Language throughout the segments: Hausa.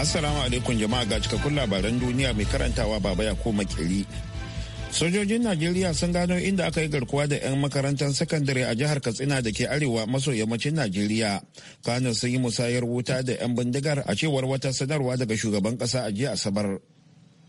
Assalamu alaikum jama'a ga cikakkun labaran duniya mai karantawa baba ya koma kiri. Sojojin Najeriya sun gano inda aka yi garkuwa da 'yan makarantar sakandare a jihar Katsina da ke arewa maso yammacin Najeriya. kano sun yi musayar wuta da 'yan bindigar a cewar wata sanarwa daga shugaban ƙasa a jiya Asabar.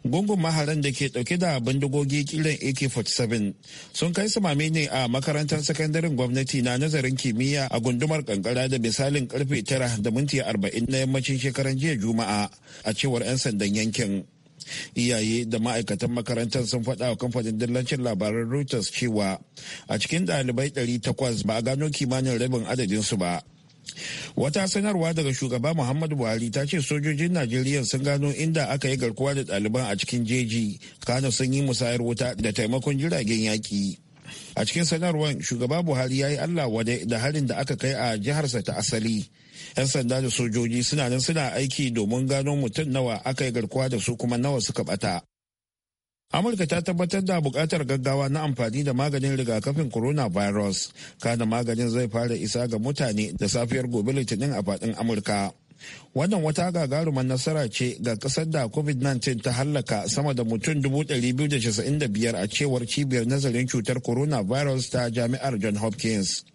gungun maharan da ke dauke da bindigogi kilan ak-47 sun kai samame ne a makarantar sakandaren gwamnati na nazarin kimiyya a gundumar kankara da misalin karfe 9 da minti 40 na yammacin shekaran jiya juma'a a cewar 'yan sandan yankin iyaye da ma'aikatan makarantar sun faɗa wa kamfanin dillancin labaran reuters cewa a cikin ɗalibai 800 ba a gano kimanin rabin adadinsu ba wata sanarwa daga shugaba muhammadu buhari ta ce sojojin najeriya sun gano inda aka yi garkuwa da ɗaliban a cikin jeji kana sun yi musayar wuta da taimakon jiragen yaƙi a cikin sanarwar shugaba buhari ya yi allah wadai da harin da aka kai a jiharsa ta asali 'yan sanda da sojoji suna nan suna aiki domin gano mutum nawa aka yi garkuwa da su kuma nawa suka bata amurka ta tabbatar da bukatar gaggawa na amfani da maganin rigakafin coronavirus kada maganin zai fara isa ga mutane da safiyar gobe litinin a faɗin amurka wannan wata gagarumar nasara ce ga kasar da covid-19 ta hallaka sama da mutum 295 a cewar cibiyar nazarin cutar coronavirus ta jami'ar john hopkins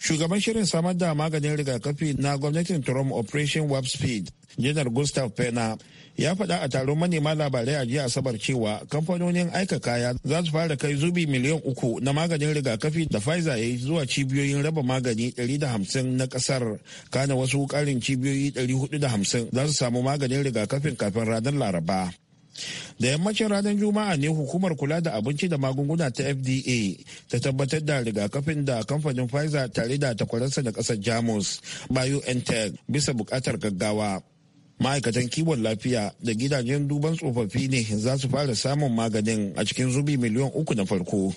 shugaban shirin samar da maganin rigakafi na gwamnatin trump operation warp speed janar gustav pena ya faɗa a taron manema labarai a jiya asabar cewa kamfanonin aika kaya za su fara kai zubi miliyan uku na maganin rigakafi da pfizer ya yi zuwa cibiyoyin raba magani 150 na ƙasar kana wasu ƙarin cibiyoyi 450 za su samu maganin rigakafin kafin ranar laraba da yammacin ranar juma'a ne hukumar kula da abinci da magunguna ta fda ta tabbatar da rigakafin da kamfanin pfizer tare da takwaransa na kasar jamus biontech bisa bukatar gaggawa ma'aikatan kiwon lafiya da gidajen duban tsofaffi ne za su fara samun maganin a cikin zubi miliyan uku na farko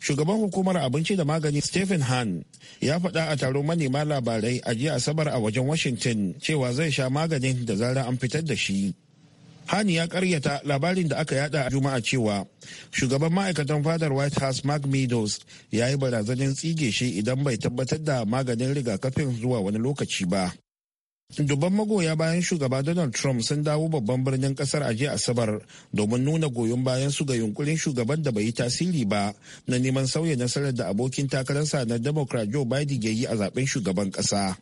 shugaban hukumar abinci da magani stephen han ya faɗa a taron manema labarai a jiya asabar a wajen washington cewa zai sha maganin da zarar an fitar da shi hani ya karyata labarin da aka yada a juma'a cewa shugaban ma'aikatan fadar white house mark meadows ya yi barazanin tsige shi idan bai tabbatar da maganin rigakafin zuwa wani lokaci ba Dubban magoya bayan shugaba Donald Trump sun dawo babban birnin kasar a jiya Asabar domin nuna goyon bayan su ga yunkurin shugaban da bai yi tasiri ba na neman sauya nasarar da abokin takararsa na Democrat Joe Biden ya yi a zaben shugaban kasa.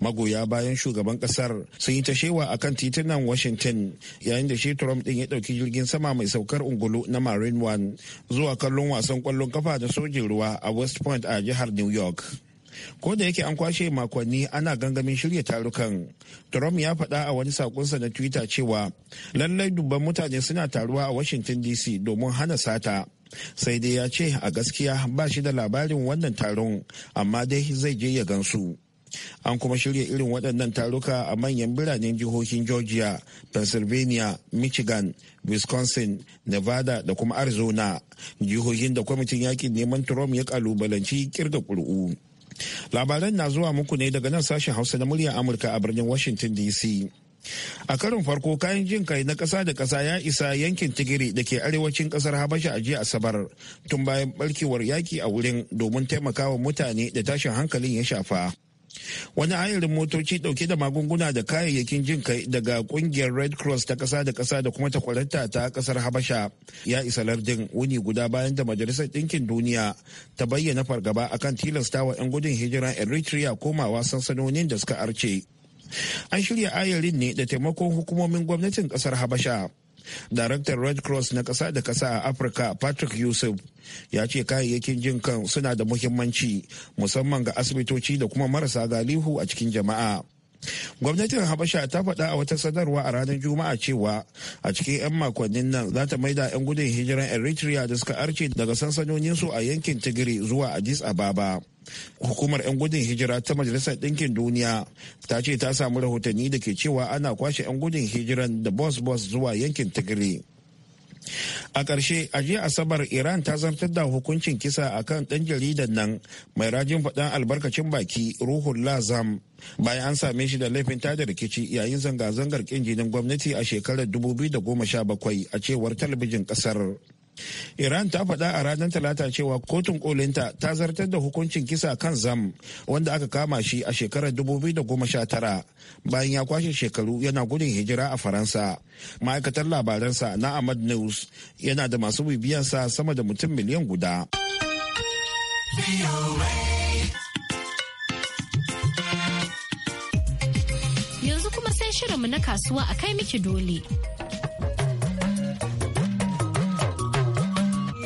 Magoya bayan shugaban kasar sun yi ta shewa a kan titunan Washington yayin da shi Trump din ya ɗauki jirgin sama mai saukar ungulu na Marine One zuwa kallon wasan kwallon kafa da sojin ruwa a West Point a jihar New York. ko da yake an kwashe makonni ana gangamin shirya tarukan trump ya faɗa a wani sakonsa na twitter cewa lallai dubban mutane suna taruwa a washington dc domin hana sata sai dai ya ce a gaskiya ba shi da labarin wannan taron amma dai zai je ya gansu an kuma shirya irin waɗannan taruka a manyan biranen jihohin georgia pennsylvania michigan wisconsin nevada da kuma arizona jihohin da kwamitin yakin neman trump ya kalubalanci kirga ƙuri'u. Labaran na zuwa muku ne daga nan sashen Hausa na murya Amurka a birnin Washington DC. A karin farko kayan jin kai na ƙasa da ƙasa ya isa yankin Tigiri da ke arewacin ƙasar Habasha a jiya Asabar tun bayan barkewar yaki a wurin domin taimakawa mutane da tashin hankalin ya shafa. wani ayarin motoci dauke da magunguna da kayayyakin jin kai daga kungiyar red cross ta kasa da kasa da kuma takwaranta ta kasar habasha ya isa lardin wuni guda bayan da majalisar ɗinkin duniya ta bayyana fargaba a kan tilastawa 'yan gudun hijira eritrea komawa sansanonin da suka arce an shirya ayarin ne da taimakon hukumomin gwamnatin kasar habasha Daraktan Red Cross na ƙasa da ƙasa a Afirka Patrick Yusuf ya ce kayayyakin jin kan suna da muhimmanci musamman ga asibitoci da kuma marasa galihu a cikin jama'a. gwamnatin habasha ta faɗa a wata sanarwa a ranar juma'a cewa a cikin 'yan makonnin nan za ta maida 'yan gudun hijiran eritrea da suka arce daga sansanonin su a yankin tigiri zuwa addis ababa hukumar 'yan gudun hijira ta majalisar ɗinkin duniya ta ce ta samu rahotanni da ke cewa ana kwashe 'yan gudun hijiran da bos bos zuwa yankin tigiri a ƙarshe a jiya asabar iran ta zartar da hukuncin kisa akan ɗan jaridan nan mai rajin faɗan albarkacin baki ruhul lazam bayan an same shi da laifin tada rikici yayin zanga-zangar ƙin jinin gwamnati a shekarar 2017 a cewar talabijin ƙasar Iran ta faɗa a ranar Talata cewa kotun kolinta ta zartar da hukuncin kisa kan zam wanda aka kama shi a shekarar 2019 bayan ya kwashe shekaru yana gudun hijira a Faransa. Ma'aikatar labaransa na Ahmad News yana da masu bibiyansa sama da mutum miliyan guda. Yanzu kuma sai shirinmu na kasuwa a kai miki dole.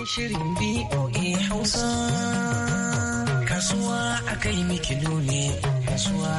shirin BOA Hausa. Kasuwa a kai miki ne, kasuwa.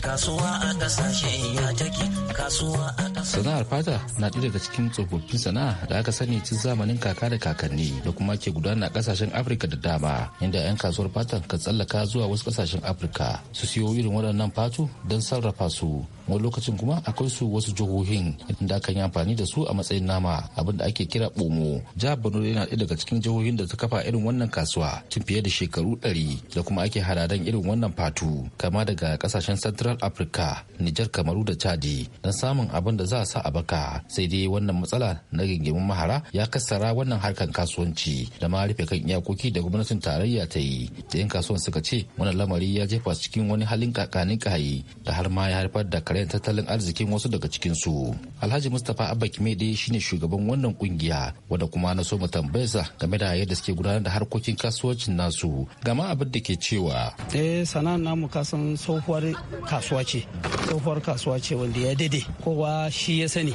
Kasuwa a kasashen ya take, kasuwa a sana'ar fata na ɗaya daga cikin tsofaffin sana'a da aka sani tun zamanin kaka da kakanni da kuma ke gudana a ƙasashen afirka da dama inda 'yan kasuwar fatan kan tsallaka zuwa wasu ƙasashen afirka su siyo irin waɗannan fatu don sarrafa su wani lokacin kuma akwai su wasu jihohin da akan yi amfani da su a matsayin nama abin da ake kira ɓomo jihar borno yana ɗaya daga cikin jihohin da ta kafa irin wannan kasuwa tun fiye da shekaru ɗari da kuma ake hadadan irin wannan fatu kama daga ƙasashen central africa nijar kamaru da chadi don samun abin da za a sa a baka sai dai wannan matsala na gingimin mahara ya kassara wannan harkan kasuwanci da ma rufe kan iyakoki da gwamnatin tarayya ta yi da yan kasuwan suka ce wannan lamari ya jefa su cikin wani halin kakanin kayi da har ma ya haifar da karen tattalin arzikin wasu daga cikin su alhaji mustapha abba kimede shine shugaban wannan kungiya wanda kuma na so mu tambayarsa game da yadda suke gudanar da harkokin kasuwancin nasu gama abin da ke cewa eh sana'ar namu kasan tsohuwar kasuwa ce tsohuwar kasuwa ce wanda ya dade kowa shi ya sani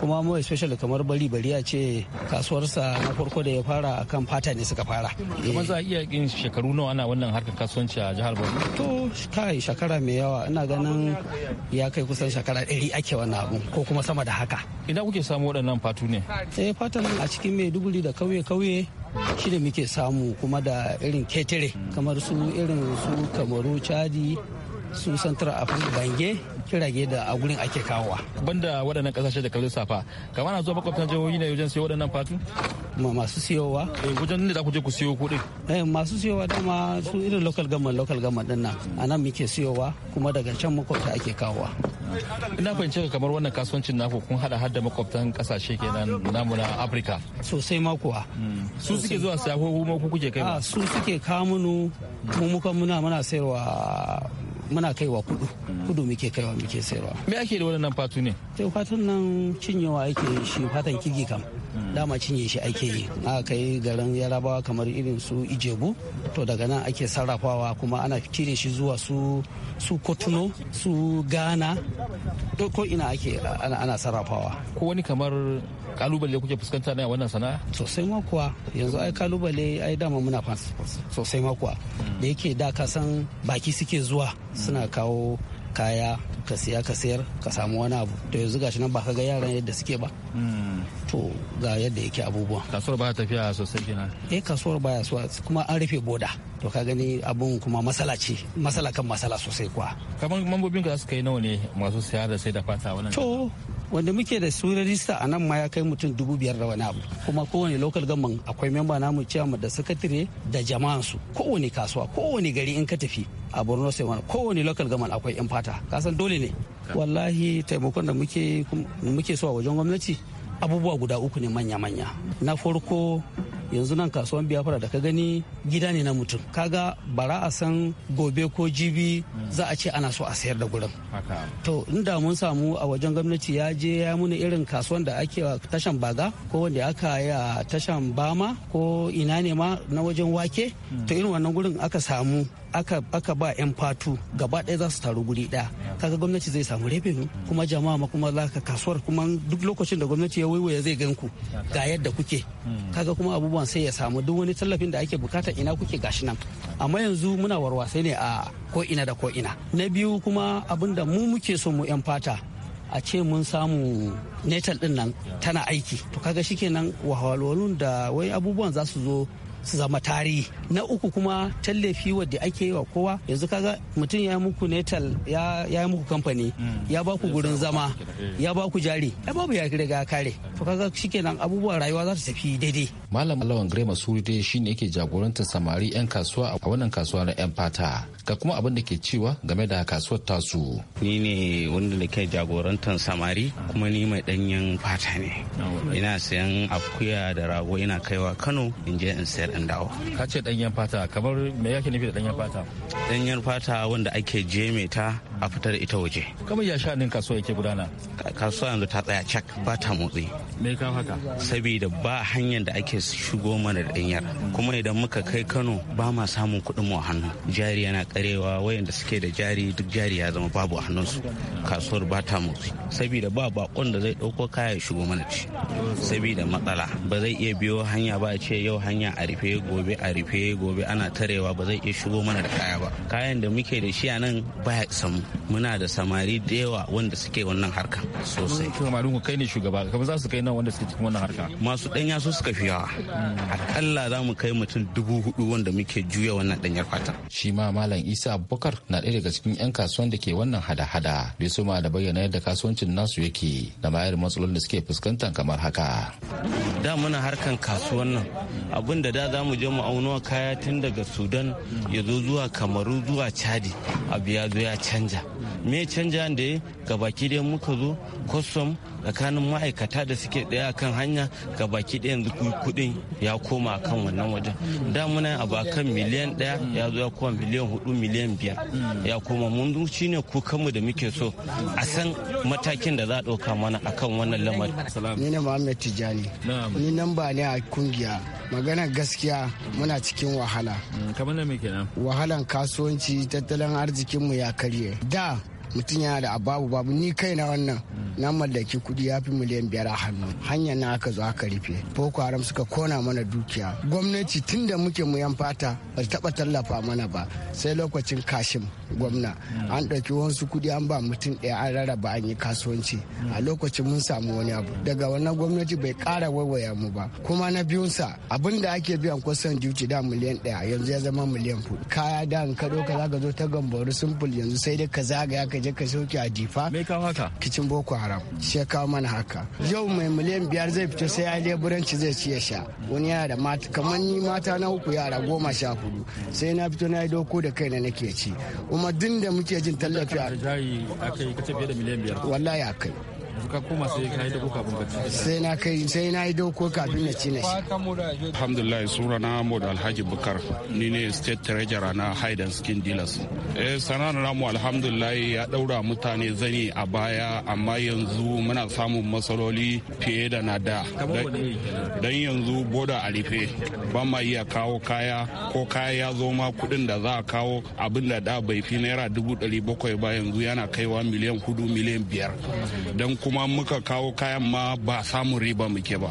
kuma mu especially kamar bari bari a ce kasuwarsa na farko da ya fara akan fata ne suka fara kuma eh. za a iya yin shekaru nawa ana wannan harkar kasuwanci a jihar Borno to kai shekara mai yawa ina ganin ya kai kusan shekara 100 ake wannan abu ko kuma sama da haka ina kuke samu waɗannan fatu ne eh fatan a cikin mai Maiduguri da kauye-kauye shi da muke samu kuma da irin ketare kamar su irin su kamaru chadi su a afirka bange kirage da a gurin ake kawowa banda waɗannan kasashe da kalli safa kama na zuwa makwabtan jihohi ne wajen siyo waɗannan fatu masu siyowa eh wajen ne za ku je ku siyo kuɗi eh masu siyowa dama su irin local government local government din nan anan muke siyowa kuma daga can makwabta ake kawowa ina fahimce ka kamar wannan kasuwancin naku kun hada hadda makwabtan kasashe kenan namu na afirka sosai makuwa. Hmm. su suke zuwa siya ko kuma ku kuke kai ah, su suke kamunu mu muka muna muna sayarwa muna kaiwa kudu kudu muke kaiwa muke sayarwa me ake da wannan fatu ne to fatun nan cinyewa ake shi fatan kigi kam dama cinye shi ake yi aka kai garin yarabawa kamar irin su ijebu to daga nan ake sarrafawa kuma ana cire shi zuwa su su kotuno su gana ko ina ake ana sarrafawa ko wani kamar kalubale kuke fuskanta na wannan sana'a sosai ma kuwa yanzu ai kalubale ai dama muna fans sosai ma kuwa da yake da ka san baki suke zuwa suna kawo kaya ka siya ka sayar ka samu wani abu to yanzu gashi nan ba ka ga yaran yadda suke ba hmm. to ga yadda yake abubuwa kasuwar ba tafiya sosai kenan eh kasuwar baya so kuma an rufe boda to ka gani abun kuma masala ce masala kan masala sosai kuwa kamar mambobin ka suka yi nawa ne masu siyar da sai da fata wannan to wanda muke da su rajista a nan ma ya kai mutum dubu biyar da wani abu kuma kowane local government akwai memba namu ciyama da sakatare da jama'ansu kowane kasuwa kowane gari in ka tafi a borno sai kowane lokal government akwai yan fata kasan dole ne wallahi taimakon da muke so a wajen gwamnati abubuwa guda uku ne manya-manya na farko yanzu nan kasuwan biyafara da ka gani gida ne na mutum kaga bara a san gobe ko jibi za a ce ana so a sayar da gurin to inda mun samu a wajen gwamnati ya je ya muna irin kasuwan da ake tashan baga ko wanda aka yi a tashan bama ko ina ne ma na wajen wake to irin wannan gurin aka samu aka ba 'yan fatu gaba ɗaya za su taru guri ɗaya kaga gwamnati zai samu revenue kuma jama'a ma kuma za ka kasuwar kuma duk lokacin da gwamnati ya waiwaya zai gan ku ga yadda kuke kaga kuma abubuwan sai ya samu duk wani tallafin da ake bukata ina kuke gashi nan amma yanzu muna warwasa ne a ko ina da ko ina na biyu kuma abin da mu muke so mu 'yan fata a ce mun samu netal din nan tana aiki to kaga shikenan wahalwalun da wai abubuwan za su zo su zama tarihi na uku kuma tallafi wadda ake yi wa kowa yanzu kaga mutum ya muku netal ya yi muku kamfani ya ba ku gurin zama ya ba ku jari ya babu ya riga kare to kaga shikenan abubuwan rayuwa za su tafi daidai malam alawan gray masuri dai shine yake jagorantar samari yan kasuwa a wannan kasuwa na yan fata ga kuma abin da ke cewa game da kasuwar tasu ni ne wanda da ke jagorantar samari kuma ni mai danyen fata ne ina sayan akuya da rago ina kaiwa kano in je in sayar dan dawo ka ce danyen fata kamar me yake nufi da danyen fata danyen fata wanda ake jeme ta a fitar ita waje kamar ya sha kasuwa yake gudana kasuwa yanzu ta tsaya cak ba ta motsi me ka haka saboda ba hanyar da ake shigo mana da danyar kuma idan muka kai Kano ba ma samun kuɗin mu a hannu jari yana karewa wayanda suke da jari duk jari ya zama babu a hannunsu kasuwar ba ta motsi saboda ba bakon da zai ɗauko kaya shigo mana ci saboda matsala ba zai iya biyo hanya ba a ce yau hanya a rufe rufe gobe a rufe gobe ana tarewa ba zai iya shigo mana da kaya ba kayan da muke da shi a nan baya samu muna da samari da yawa wanda suke wannan harka sosai samarin ku kai ne shugaba kamar za su kai nan wanda suke cikin wannan harka masu danya su suka fi yawa hmm. akalla za mu kai mutum dubu hudu wanda muke juya wannan danyar fata shi ma malam isa abubakar na ɗaya daga cikin yan kasuwan da ke wannan hada-hada bai so ma da bayyana yadda kasuwancin nasu yake da irin matsalolin da suke fuskanta kamar haka da muna harkan kasuwan nan abin da da za mu je mu auno kaya tun daga sudan ya zo zuwa kamaru zuwa chadi abu ya zo ya canja me canja da ya gabaki ɗaya muka zo kwastam tsakanin ma'aikata da suke ɗaya kan hanya gabaki ɗaya yanzu kuɗin ya koma kan wannan wajen da muna a bakan miliyan ɗaya ya zo ya koma miliyan hudu miliyan biyar ya koma mun shi ne kanmu da muke so a san matakin da za a ɗauka mana akan wannan lamarin. ni ne muhammed tijjani ni nan ba ne a kungiya maganar gaskiya muna cikin wahala mm, kamar da me kenan wahalan kasuwanci tattalin arzikinmu ya karye da mutum yana da ababu babu ni kai na wannan na mallaki kudi ya fi miliyan biyar a hannu hanyar na aka zo aka rufe boko haram suka kona mana dukiya gwamnati tun da muke mu yan fata ba taba tallafa mana ba sai lokacin kashim gwamna an ɗauki wasu kudi an ba mutum ɗaya an rarraba an yi kasuwanci a lokacin mun samu wani abu daga wannan gwamnati bai ƙara waiwaya mu ba kuma na biyunsa abin da ake biyan kwasan duty da miliyan ɗaya yanzu ya zama miliyan fudu kaya da ka ɗauka ka ka zo ta gambaru simple yanzu sai dai ka ya ka je ka sauke a difa me kawo haka kicin boko haram she mana haka yau mai miliyan biyar zai fito sai ya leburanci zai ci ya sha wani yana da mata kamar ni mata na uku yara goma sha hudu sai na fito na yi doko da kaina nake ci kuma din da muke jin tallafi a kai wallahi a kai ka koma sai ka yi da kuka abin bacci sai na kai sai na yi doko kafin na ci na shi alhamdulillah sura na mod alhaji bukar ni ne state treasurer na hide and skin dealers eh sana'ar namu alhamdulillah ya daura mutane zani a baya amma yanzu muna samun matsaloli fiye da na da dan yanzu boda a rufe ba ma iya kawo kaya ko kaya ya zo ma kudin da za a kawo abin da da bai fi naira dubu ɗari bakwai ba yanzu yana kaiwa miliyan hudu miliyan biyar don kuma muka kawo kayan ma ba samun riba muke ba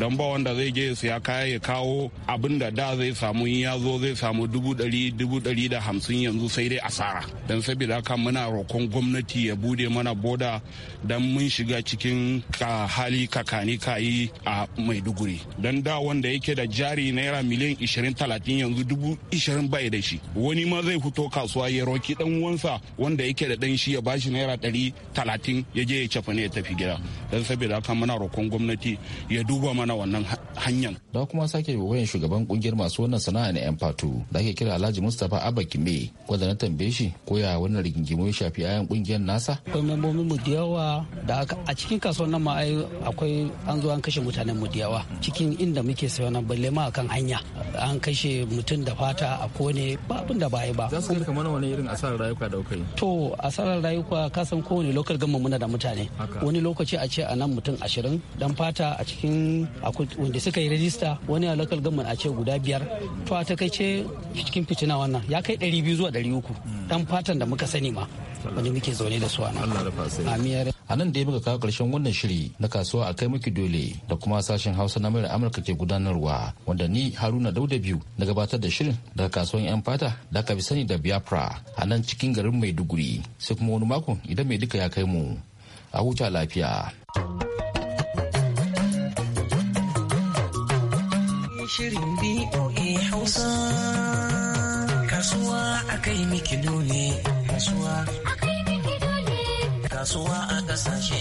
don ba wanda zai je siya kaya ya kawo abin da da zai samu in ya zo zai samu dubu dari dubu dari da hamsin yanzu sai dai asara don saboda haka muna roƙon gwamnati ya bude mana boda don mun shiga cikin ka hali kakani kayi a maiduguri don da wanda yake da jari naira miliyan ishirin talatin yanzu dubu ishirin bai da shi wani ma zai fito kasuwa ya roki dan uwansa wanda yake da dan shi ya bashi naira ɗari talatin ya je ya cafa ne ya tafi gida don saboda haka muna roƙon gwamnati ya duba mana wannan hanyar da kuma sake wayan shugaban kungiyar masu wannan sana'a na yan fatu da ake kira alhaji mustapha abba kimbe wanda na tambaye shi ko ya wannan rigingimu ya shafi ayan kungiyar nasa akwai membobin mu da yawa da a cikin kasuwar nan ma akwai an zo an kashe mutanen mu da yawa cikin inda muke sayo nan balle ma akan hanya an kashe mutum da fata a kone ba abin da ba yi ba za su kama wani irin asarar rayuka da kai to asarar rayuka kasan kowane lokal gama muna da mutane wani lokaci a ce a nan mutum ashirin dan fata a cikin wanda suka yi rajista wani a local government a ce guda biyar to a takaice cikin fitina wannan ya kai ɗari biyu zuwa ɗari uku dan fatan da muka sani ma wani muke zaune da su a nan. A nan da ya muka kawo ƙarshen wannan shiri na kasuwa a kai maki dole da kuma sashen Hausa na mayar Amurka ke gudanarwa wanda ni Haruna Dauda biyu na gabatar da shirin daga kasuwan 'yan fata da aka fi sani da Biafra a nan cikin garin Maiduguri sai kuma wani makon idan mai duka ya kai mu. a huta lafiya.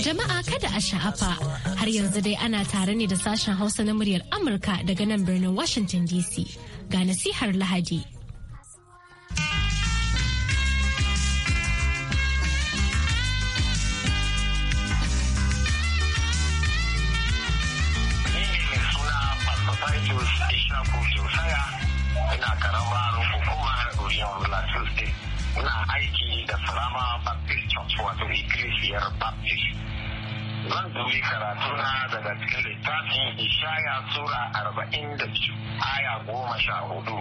Jama'a kada a sha'afa har yanzu dai ana tare ne da sashen Hausa na muryar Amurka daga nan birnin Washington DC ga nasihar Lahadi. biyar zan dubi karatuna daga cikin littafin ishaya sura arba'in da biyu aya goma sha hudu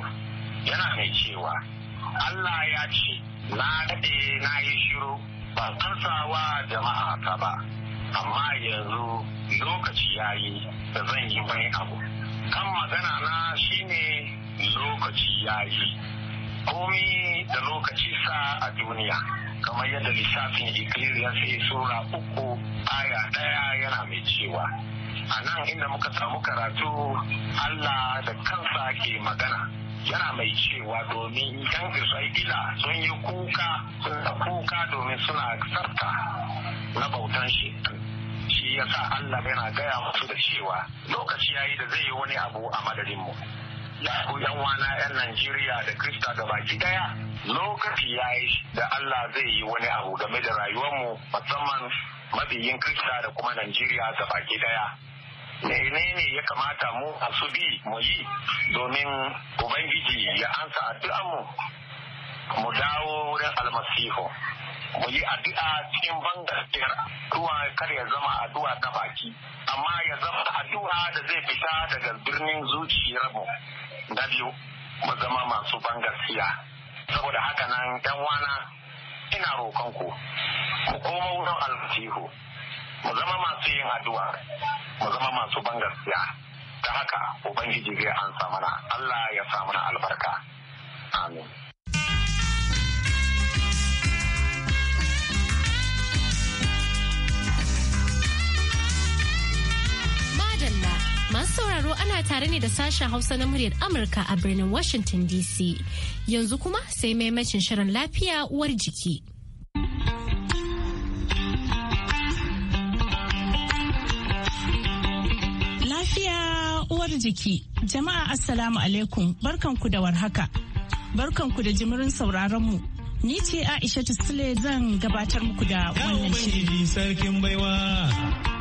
yana mai cewa allah ya ce na daɗe na yi shiru ba wa jama'a ta ba amma yanzu lokaci ya yi da zan yi wani abu kan magana na shine lokaci ya yi komi da lokaci sa a duniya kamar yadda lissafin Ecclesiastes sura uku aya ɗaya yana mai cewa a nan inda muka samu karatu Allah da kansa ke magana yana mai cewa domin yan Isra'ila sun yi kuka sun kuka domin suna sarta na bautan shi shi yasa Allah yana gaya musu da cewa lokaci yayi da zai yi wani abu a madadinmu. mu ya ku yan wana yan Najeriya da Krista da baki daya lokaci ya yi da Allah zai yi wani abu game da rayuwar mu musamman mabiyin Krista da kuma Najeriya da baki daya menene ya kamata mu a su bi mu yi domin ubangiji ya ansa mu mu dawo wurin almasihu mu yi addu'a cikin bangarciyar duwa kar ya zama addu'a na baki amma ya zama addu'a da zai fita daga birnin zuciyar mu na biyu mu zama masu bangarciya saboda haka nan yan wana ina roƙon ku mu koma wurin almasihu mu zama masu yin addu'a mu zama masu bangarciya ta haka ubangiji zai samu na Allah ya samu na albarka amin madalla masu sauraro ana tare ne da sashen hausa na muryar amurka a birnin washington dc yanzu kuma sai maimacin shirin lafiya uwar jiki lafiya uwar jiki jama'a assalamu alaikum barkanku da warhaka barkanku da jimirin sauraronmu ni ce aisha sule zan gabatar muku da wannan shirin sarkin baiwa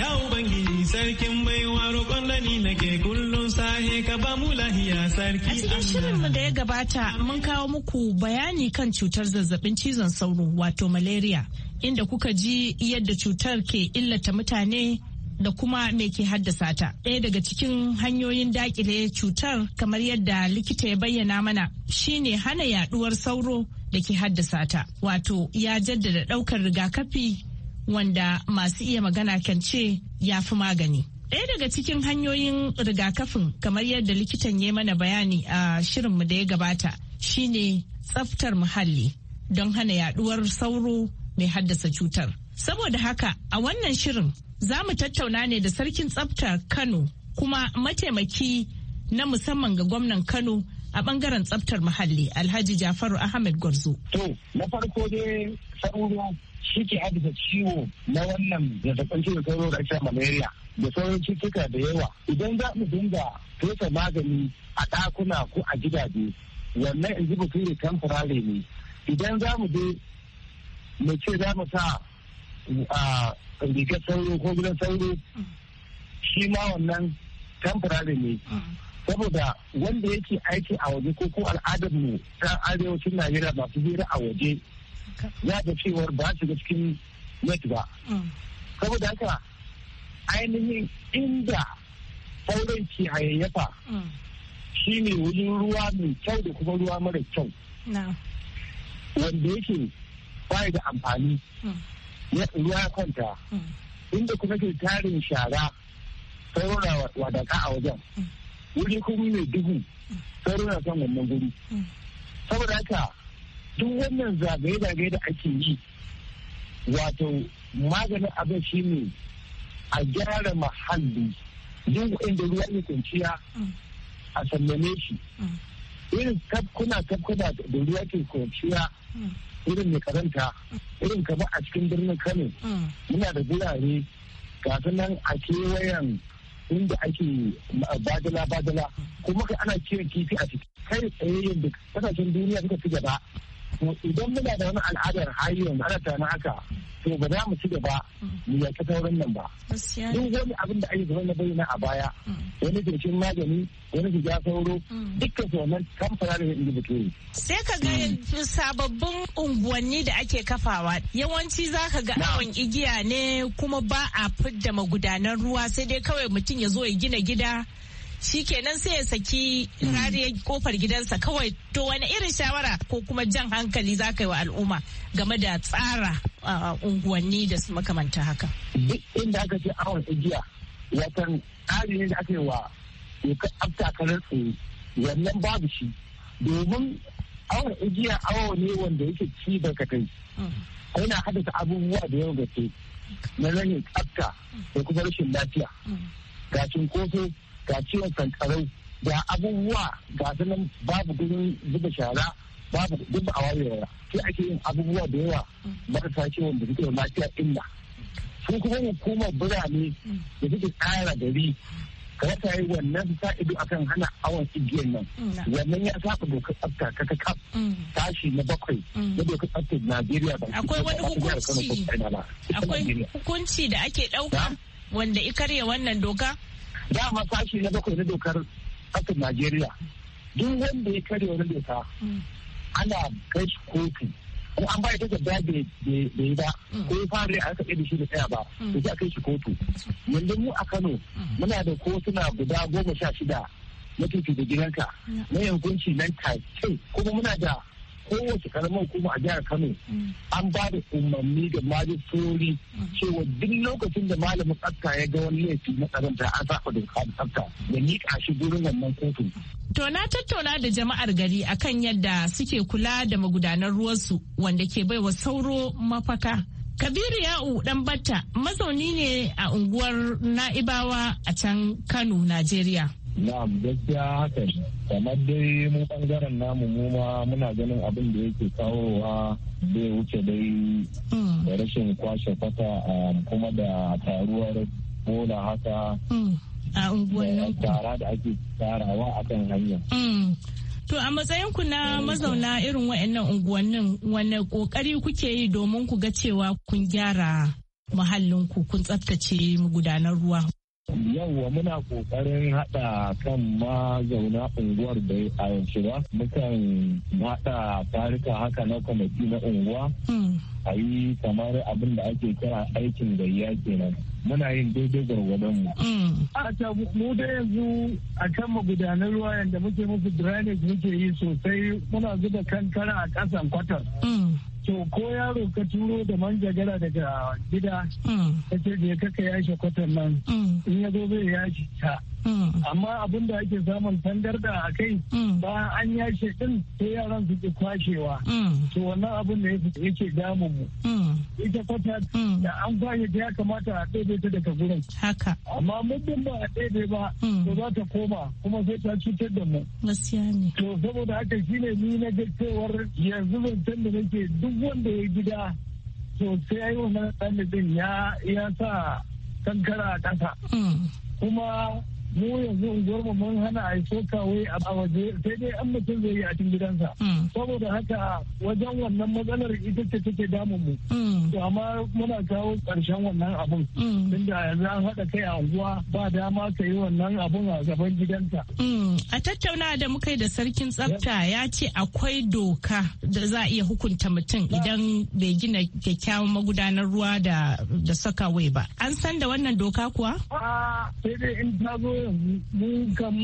Ya Ubangiji sarkin baiwa roƙon da nake kullum sahe ka ba mu lahiya sarki. A cikin shirinmu da ya gabata mun kawo muku bayani kan cutar zazzabin cizon sauro wato malaria inda kuka ji yadda cutar ke illata mutane da kuma me ke haddasa ta. Ɗaya daga cikin hanyoyin daƙile cutar kamar yadda likita ya bayyana mana shine hana yaduwar sauro da ke haddasa ta. Wato ya jaddada ɗaukar rigakafi wanda masu iya magana kan ce ya fi magani. Ɗaya daga cikin hanyoyin rigakafin kamar yadda likitan ya mana bayani a shirinmu da ya gabata shine tsaftar muhalli don hana yaduwar sauro mai haddasa cutar. Saboda haka a wannan shirin za mu tattauna ne da sarkin tsafta Kano kuma mataimaki na musamman ga gwamnan Kano a bangaren tsaftar muhalli Alhaji Jafaru Ahmed Gwarzo. To, na farko dai sauro shi ke haddasa ciwo na wannan zazzabin da sauro da ake malaria da sauran cututtuka da yawa idan za mu dinga fesa magani a ɗakuna ko a gidaje wannan in ji bature temporary ne idan za mu je mu ce za mu sa rigar sauro ko gidan sauro shi ma wannan temporary ne saboda wanda yake aiki a waje ko ko al'adar mu ta arewacin najeriya masu hira a waje ya da cewar ba su cikin net ba mm. saboda haka ainihin inda sauran ke hayayyafa mm. shi ne wajen ruwa mai kyau da kuma ruwa mara kyau wanda yake bai da amfani mm. ruwa ya kwanta inda kuma ke tarin shara saurara wadaka a wajen wuri kuma mai duhu saurara kan wannan guri saboda haka Tun wannan zagaye-zagaye da ake yi wato maganin abin shi ne a gyara mahalli duk inda ruwa ne kwanciya a sallame shi irin tafkuna tafkuna da ruwa ke kwanciya irin mai karanta irin kamar a cikin birnin kano muna da gurare gasu nan a kewayen inda ake badala badala kuma kai ana kiwon kifi a ciki kai tsaye yadda kasashen duniya suka fi gaba to idan muna da wani al'adar hayyun ana tana haka to ba za mu ci gaba mu ta sauran nan ba duk wani abin da ake zama na bayyana a baya mm. wani jirshin magani wani shiga sauro mm. dukkan su wannan kamfana da inda muke sai ka ga sababbin unguwanni da ake kafawa yawanci za ka ga awon igiya ne kuma ba a fidda magudanan ruwa sai dai kawai mutum ya zo ya gina gida Shi nan sai ya saki rariyar kofar gidansa kawai to wani irin shawara ko kuma jan hankali za ka yi wa al'umma game da tsara unguwanni da su makamanta haka. inda aka ce awon igiya watan tsari ne da aka wa dokar abta kanar wannan babu shi domin awon igiya awo ne wanda yake ci barkatai mm. yana haddasa abubuwa da da gaske na rashin tsabta da kuma rashin lafiya mm. gashin kofi ga ciwon sankarau ga abubuwa ga nan babu gudun zuba shara babu duk ba a wayewa sai ake yin abubuwa da yawa marasa ciwon da suke lafiya illa sun kuma hukumar birane da suke kara gari kada ta yi wannan sa ido akan hana awon igiyar nan mm. wannan ya saba dokar tsafta ta ta kaf mm. tashi na bakwai mm. na dokar na najeriya ba akwai wani hukunci akwai hukunci da ake ɗauka wanda i karya wannan doka dama sashi na bakwai na dokar kasar najeriya duk wanda ya karya wani doka ana kai shi kotu ko an bai takarda da yi ba ko ya fara a aka da shi da tsaya ba to za kai shi kotu yanzu mu a kano muna da kotuna guda goma sha shida na tutu da gidanka na yankunci nan take kuma muna da kowace karamar hukuma a jihar kano an ba da umarni da majistori cewa duk lokacin da malamin tsafta ya ga wani laifi na karanta an saka doka da tsafta da miƙa shi gurin wannan kotun. to tattauna da jama'ar gari akan yadda suke kula da magudanan ruwansu wanda ke baiwa sauro mafaka. Kabiru Ya'u dan Batta mazauni ne a unguwar Na'ibawa a can Kano, Najeriya. Na'am gaskiya haka ne. Kamar dai mu bangaren namu mu ma muna ganin abin da yake kawowa bai wuce dai mm. da rashin kwashe fata um, kuma da taruwar bola haka mm. a unguwannin tara da ake tarawa a kan hanya. Mm. To a matsayin ku na mazauna irin wa'annan unguwannin wane kokari kuke yi domin ku ga cewa kun gyara muhallinku kun tsaftace gudanar ruwa yauwa muna kokarin hada kan ma zauna unguwar da a yanzu ba mukan hada tarika haka na kwamiti na unguwa hmm. a yi kamar abin da ake kira aikin gayya kenan muna yin daidai gwargwadon mu. Hmm. A ta mu da yanzu a kan magudanan ruwa yadda muke musu drainage muke yi sosai muna zuba kankara a ƙasan kwatar. Hmm. to ko yaro ka turo da manjagara daga gida ta mm. ce je ka yashe kwatan nan mm. in ya zo zai yaji ta amma abin da ake samun da a kai mm. Ba an yashe din sai yaran su ke kwashewa mm. to wannan abin da yake damu mu mm. ita kwata da an kwashe ta ya kamata a ɗebe ta daga gurin haka amma muddin ba a ɗebe ba ba za ta koma kuma sai ta cutar da mu to saboda haka shine ni na ga cewar yanzu zancen da nake duk wanda ya gida to sai ya wannan ɗan ya sa kankara a ƙasa kuma mu yanzu unguwar mu mun hana a so kawai a waje sai dai an mutum zai yi a cikin gidansa mm. saboda haka wajen wannan matsalar ita ce take damun mu mm. to amma muna kawo karshen wannan abun mm. tunda yanzu an haɗa kai a unguwa ba dama ka yi wannan abun a gaban gidansa a tattauna da muka yi da sarkin tsafta ya ce akwai doka da za a iya hukunta mutum idan bai gina kyakkyawan magudanar ruwa da saka wai ba an san da wannan doka kuwa ah, sai dai in ta zo yanzu mun kan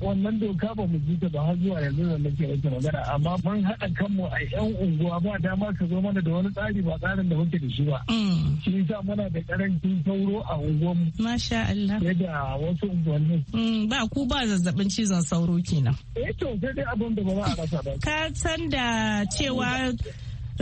wannan doka ba mu ji ta ba har zuwa yanzu da nake yake magana amma mun haɗa kanmu a yan unguwa ba dama ka zo mana da wani tsari ba tsarin da muke da shi ba. Shi yasa muna da karancin sauro a unguwan. Masha Allah. da wasu unguwanni. Ba ku ba zazzabin cizon sauro kenan. Eh to sai dai abin da ba za a rasa ba. Ka san da cewa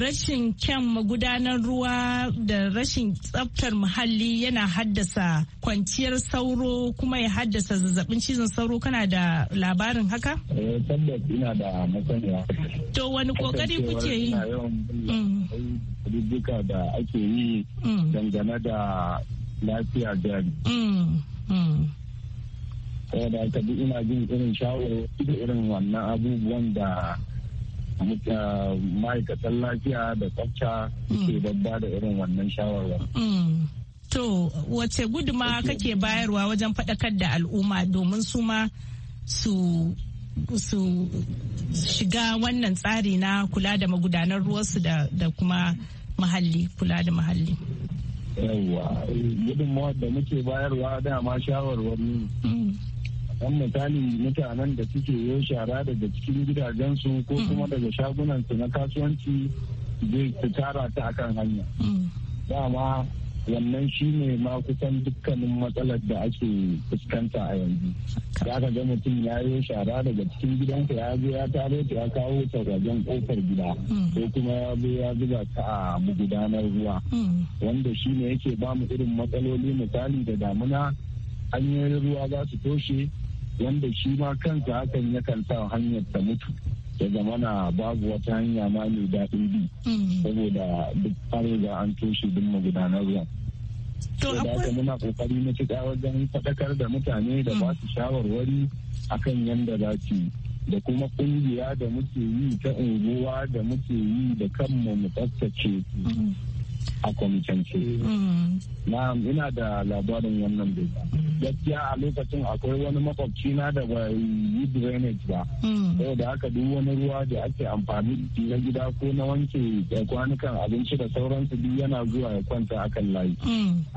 rashin kyan magudanar ruwa da rashin tsaftar muhalli yana haddasa kwanciyar sauro kuma ya haddasa zazzabin cizon sauro kana da labarin haka? Eh, tabbas ina da masaniya. To wani kokari kuke yi? Mm. Duka da ake yi mm. dangane da lafiya da mm. da aka duk ina jin irin shawarwari da irin wannan abubuwan da ma'aikatan lafiya da tsafta suke mm. babba da irin wannan shawarwar. Mm. To, wace guduma kake bayarwa wajen faɗakar da al'umma domin su ma su su shiga wannan tsari na kula da magudanar ruwansu da, da kuma mahalli kula da mahalli. Yawwa, gudunmawar da muke bayarwa dama shawarwar dan misali mutanen da suke yau shara daga cikin gidajensu ko mm. kuma daga shagunansu na kasuwanci zai su tara ta akan hanya mm. dama wannan shi ne ma kusan dukkanin matsalar da ake fuskanta a yanzu za ka ga mutum ya yi shara daga cikin gidansa ya zo ya taro ta ya kawo ta wajen kofar gida mm. ko kuma ya zo ya zuba ta a magudanar ruwa wanda shi ne yake bamu irin matsaloli misali da damuna hanyoyin ruwa za su toshe wanda shi ma kansa hakan yakan sa hanyar ta mutu ya zama na babu wata hanya ma mai daɗin bi mm. saboda duk tsare ga an toshe duk magudanar ruwan. To haka muna kokari cika wajen faɗakar da mutane da mm. ba su shawarwari akan yadda za su da kuma ƙungiya da muke yi ta unguwa da muke yi da kanmu mu tsaftace mm. a kwamitance. Na ina da labarin wannan doka. Gaskiya a lokacin akwai wani makwabci na da ba yi drainage ba. Saboda haka duk wani ruwa da ake amfani na gida ko na wanke kwanukan abinci da sauransu duk yana zuwa ya kwanta akan layi.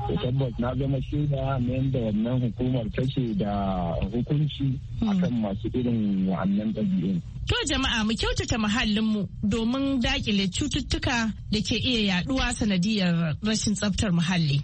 to tabbas na zama shaida na yadda wannan hukumar kashe da hukunci akan masu irin wa'annan ɗabi'un. To jama'a mu kyautata muhallinmu domin dakile cututtuka da ke iya yaduwa sanadiyar rashin tsaftar muhalli.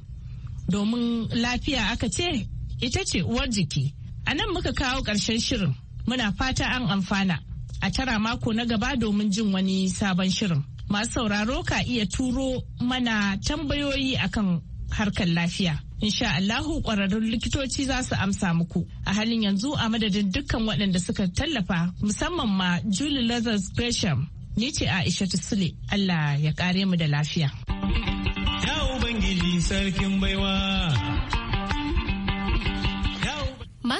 Domin lafiya aka ce ita ce uwar jiki. A nan muka kawo ƙarshen shirin muna fata an amfana a tara mako na gaba domin jin wani sabon shirin. Masu sauraro ka iya turo mana tambayoyi akan harkar lafiya. Insha Allahu ƙwararrun likitoci za su amsa muku. A halin yanzu a madadin dukkan waɗanda suka tallafa musamman ma Julie Lazarus Gresham. Ni ce Aisha Sule Allah ya kare mu da lafiya. Ya Ubangiji sarkin baiwa.